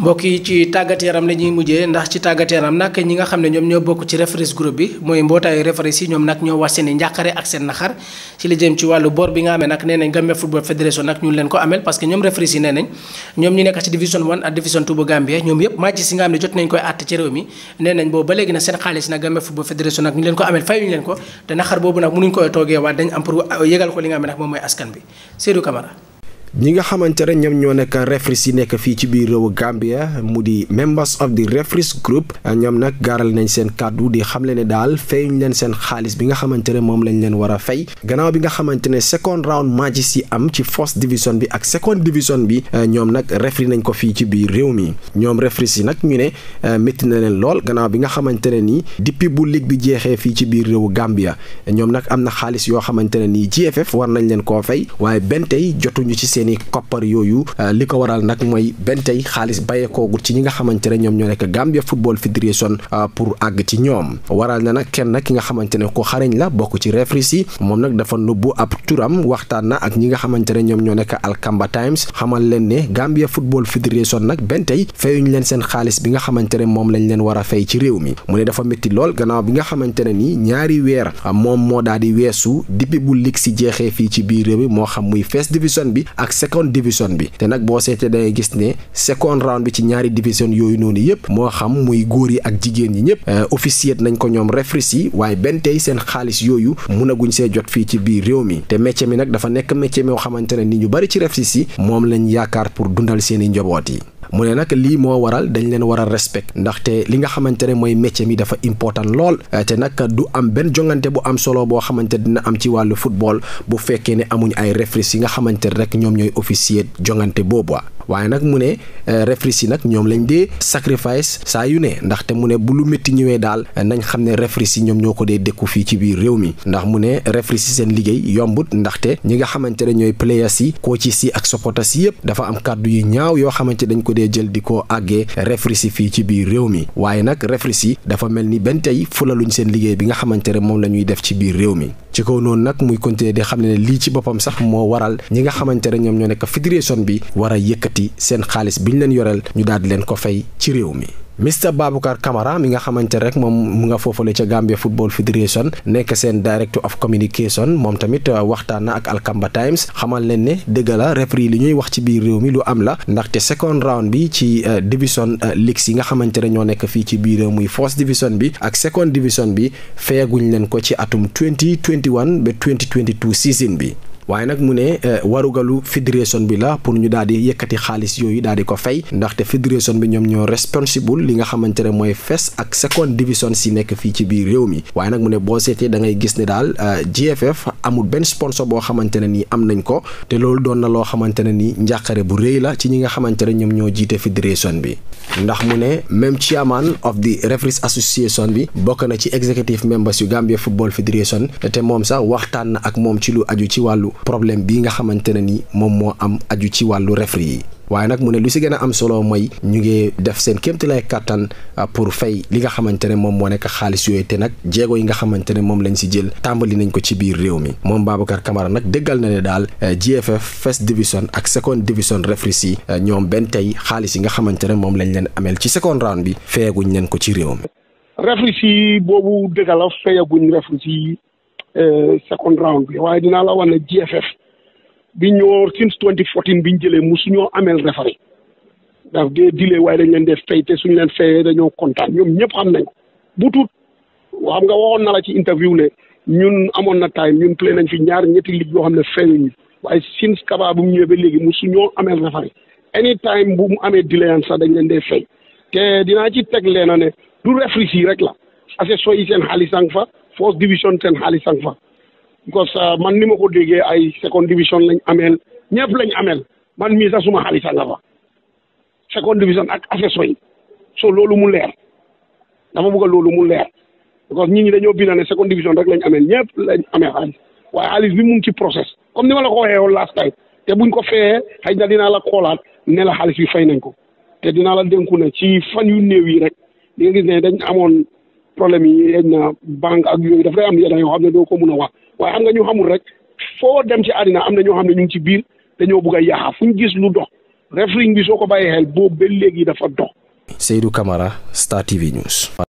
mbokk yi ci tàggat yaram la ñuy mujjee ndax ci tàggat yaram nag ñi nga xam ne ñoom ñoo bokk ci referees groupe bi mooy mbootaayu referees yi ñoom nag ñoo ne nag nee nañ Gambia Football Federation nag ñu leen ko amel parce que ñoom referees yi nee nañ ñoom ñu nekk ci division 1 ak division 2 bu Gambia ñoom yëpp match si nga xam ne jot nañ koy àtt ci mi nee boobu ba léegi nag seen xaalis nag Gambia Football Federation nag ñu leen ko amel fayuñu leen ko te naxar boobu nag mënuñ koy toogee waat dañ am pour yëgal ko li nga xam nag moom mooy nga xamante ne ñoom ñoo nekk refris yi nekk fii ci biir réewu Gambia mu di members of the refris group ñoom nag gaaral nañ seen kàddu di xamle ne daal fayuñ leen seen xaalis bi nga xamante ne moom lañ leen war a fay gannaaw bi nga xamante ne second round matches yi am ci first division bi ak second division bi ñoom nag refri nañ ko fii ci biir réew mi ñoom refris yi nag ñu ne métti na leen lool gannaaw bi nga xamante ne nii depuis bu ligue bi jeexee fii ci biir réewu Gambia ñoom nag am na xaalis yoo xamante ne nii GFF war nañ leen koo fay waaye benn tey jotuñu ci seen i koppar yooyu euh, li ko waral nag mooy benn tey xaalis bàyyeekoogut ci ñi nga xamante ne ñoom ñoo nekk Gambia Football Federation euh, pour àgg ci ñoom waral na nag kenn ki nga xamante ne ko xarañ la bokk ci referees yi moom nag dafa nëbbu ab turam waxtaan na ak ñi nga xamante ne ñoom ñoo nekk Alkamba Times xamal leen ne Gambia Football Federation nag benn tey fayuñu leen seen xaalis bi nga xamante ne moom lañ leen war a fay ci réew mi mu ne dafa métti lool gannaaw bi nga xamante ne ni ñaari moom moo daal di weesu bu lig si jeexee fii ci biir mi moo xam muy first division bi ak second division bi te nag boo seetee dangay gis ne second round bi ci ñaari division yooyu noonu yëpp moo xam muy góor yi ak jigéen yi ñëpp euh, officier nañ ko ñoom refris yi waaye benn tey seen xaalis yooyu munaguñ see jot fii ci biir réew mi te métier mi nag dafa nekk métier moo xamante ne ni ñu bari ci refris yi moom lañ yaakaar pour dundal seeni njaboot yi mu ne nag lii moo waral dañ leen war a respect ndaxte li nga xamante ne mooy métier mi dafa important lool eh, te nag du am benn jongante bu am solo boo xamante dina am ci wàllu football bu fekkee ne amuñ ay référence yi nga xamante rek ñoom ñooy officier jongante boobu waaye nag mu ne euh, refris yi nag ñoom lañ dee sacrifice saa yu ne ndaxte mu ne bu lu métti ñëwee daal nañ xam ne refris yi ñoom ñoo ko dee dékku fii ci biir réew mi ndax mu ne refris yi seen liggéey yombut ndaxte ñi nga xamante ne ñooy players yi coaches yi ak supporters yi yëpp dafa am kàddu yu ñaaw yoo xamante dañ ko dee jël di ko àggee refris yi fii ci biir réew mi waaye nag refris yi dafa mel ni benn tey fulaluñ seen liggéey bi nga xamante ne moom la ñuy def ci biir réew mi ci kaw nag muy continuer di xam ne lii ci boppam sax moo waral ñi nga xamante ne ñoom ñoo nekk fédération bi war a yëkkati seen xaalis bi ñu leen yoreel ñu daal di leen ko fay ci réew mi Mr Baboucar Camara mi nga xamante rek moom mu nga foofale ca Gambia Football Federation nekk seen director of communication moom tamit euh, waxtaan na ak Alkamba Times xamal leen ne dëgg la referee li ñuy wax ci biir réew mi lu am la ndaxte second round bi ci euh, division euh, leagues yi nga xamante ne ñoo nekk fii ci biir muy first division bi ak second division bi feeguñ leen ko ci atum 2021 ba 2022 season bi. waaye nag mu ne eh, warugalu fédération bi la pour ñu daal di yëkkati xaalis yooyu daal di ko fay ndaxte fédération bi ñoom ñoo responsible li nga xamante ne mooy FES ak seconde division si nekk fii ci biir réew mi waaye nag mu ne boo seetee dangay gis ne daal eh, GFF amul benn sponsor boo xamante ne nii am nañ ko te loolu doon na loo xamante ne nii njàqare bu rëy la ci ñi nga xamante ne ñoom ñoo jiite fédération bi ndax mu ne même chairman of the referees association bi bokk na ci executive members yu Gambia Football Federation te moom sax waxtaan ak moom ci lu aju ci wàllu problème bi nga xamante ne ni moom moo am aju ci wàllu refri yi waaye nag mu ne lu si gën a am solo mooy ñu ngi def seen kéemtalaay kàttan ah, pour fay li nga xamante ne moom moo nekk xaalis yooyu te nag jéego yi nga xamante ne moom lañ si jël tàmbali nañ ko ci biir réew mi moom Babacar Camara nag dëggal na ne daal eh, GFF first division ak second division referees yi eh, ñoom benn tey xaalis yi nga xamante ne moom lañ leen ameel ci second round bi feeguñ leen ko ci réew mi. referees yi boobu dëgg la feeguñ referees yi Euh, second round bi waaye dinaa la wan ne GFF bi ñoo since 2014 bi ñu jëlee mosu ñoo ameel refari daf dee dilee waaye dañ leen dee fay te suñu leen fayee dañoo kontaan ñoom ñëpp xam nañ ko bu tuut xam nga waxoon na la ci interview ne ñun amoon na time ñun play nañ fi ñaar ñetti ligue yoo xam ne fayuñu waaye since Kaba mu ñëwee ba léegi mosu ñoo ameel refari any time bu mu amee diléance sax dañ leen dee fay te dinaa ci teg leena ne du refri si rek la assessor yi seen fa first division seen xaalis fa because uh, man ni ma ko déggee ay second division lañ ameel ñëpp lañ ameel man mii sax suma xaalis sanga fa second division ak assessor yi so loolu mu leer dafa bëgg loolu mu leer because ñi ñi dañoo binda ne second division rek lañ ameel ñëpp lañ amee xaalis waaye xaalis bi mu ci process comme ni ma la ko waxee woon last time te buñ ko feyee xëy na dinaa la xoolaat ne la xaalis bi fay nañ ko te dinaa la dénku ne ci fan yu problème yi xëy na banque ak yooyu daf lay am yenn yoo xam ne doo ko mun a wax waaye am nga ñu xamul rek foo dem ci àddina am na ñoo xam ne ñu ngi ci biir dañoo bugg a yaaxa fu ñu gis lu dox referee bi soo ko bàyyee xel boobu ba léegi dafa dox. Seydou Camara Star TV News.